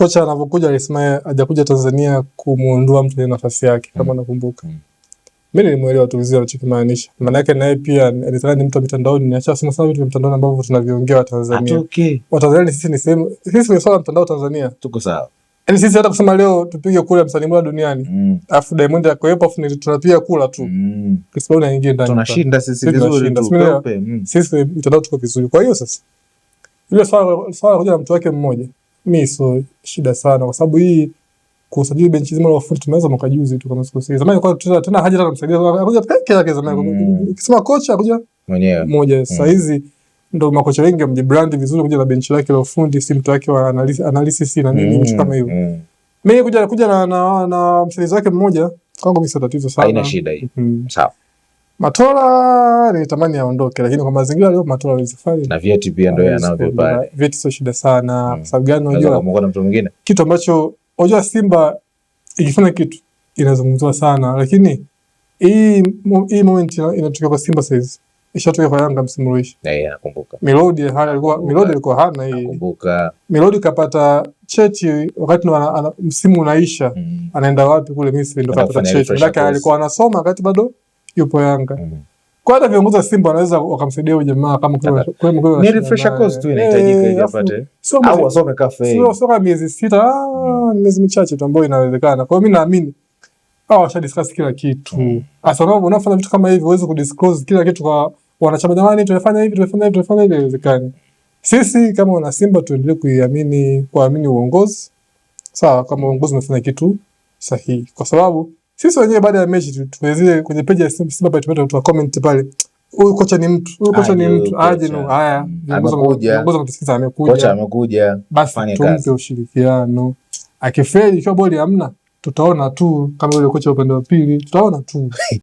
kocha anavyokuja alisema hajakuja Tanzania kumuondoa mtu nafasi yake kama mm. nakumbuka. Mm. Mimi nilimuelewa tu vizuri alichokimaanisha. Maana yake naye pia alitaka ni mtu wa mitandaoni, niacha sema sana vitu vya mitandaoni ambavyo tunaviongea Watanzania. Okay. Watanzania sisi ni sehemu sisi ni swala mtandao Tanzania. Tuko sawa. Yaani sisi hata kusema leo tupige kula msanii bora duniani. Mm. Alafu Diamond akawepo afu tunapiga kula tu. Mm. Kwa sababu naingia ndani. Tunashinda sisi vizuri tu. Sisi mitandao mm. tuko vizuri. Kwa hiyo sasa ile swala swala kuja na mtu wake mmoja mi sio shida sana, kwa sababu hii kusajili benchi zima la ufundi tumeweza mwaka juzi tu, kama sikosei. Zamani kwa tena haja hata msaidia akuja peke yake, zamani mm. ukisema kocha akuja mwenyewe moja. Mm. Sasa hizi ndo makocha wengi wamejibrand vizuri, kuja na benchi lake la ufundi, si mtu wake wa analisi, si na nini, mtu kama hivyo. Mm. Mimi kuja kuja na na, na msaidizi wake mmoja kwangu mimi sio tatizo sana, haina shida hii. Sawa. Matola nilitamani aondoke, lakini kwa mazingira leo Matola hawezi kufanya, na vieti pia ndio yanavyo pale. Vieti sio shida sana, hmm. kwa sababu gani? Unajua kwa mtu mwingine kitu ambacho unajua, Simba ikifanya kitu inazungumzwa sana, lakini hii hii moment inatokea kwa Simba saizi ishatokea kwa Yanga msimu uliisha. Eh, yeah, nakumbuka Milodi hali alikuwa Milodi alikuwa hana hii, nakumbuka Milodi kapata chechi wakati wana, ana, msimu unaisha mm. anaenda wapi kule Misri, ndo kapata chechi, lakini alikuwa anasoma wakati bado yupo Yanga mm. Kwa hata viongozi wa Simba wanaweza wakamsaidia huyo jamaa kama kwa kwa ni refresher course tu inahitajika eh, ili apate au asome cafe, sio soka miezi sita, ah, mm. miezi michache tu ambayo inawezekana. Kwa hiyo mimi naamini hao washa discuss kila kitu mm. Sababu unafanya vitu kama hivi uweze kudisclose kila kitu kwa wanachama, jamani, tunafanya hivi tunafanya hivi tunafanya hivi, inawezekana. Sisi kama wana Simba tuendelee kuiamini kuamini uongozi sawa, kama uongozi umefanya kitu sahihi, kwa sababu sisi wenyewe baada ya mechi tunazie kwenye peji ya Simba pale tumetoa comment pale. Huyu kocha ni mtu, huyu kocha ni mtu. Aje no, haya. Amekuja. Kutusikiza amekuja. Kocha amekuja. Basi tumpe ushirikiano. Akifeli ikiwa boli hamna, tutaona tu kama yule kocha upande wa pili, tutaona tu.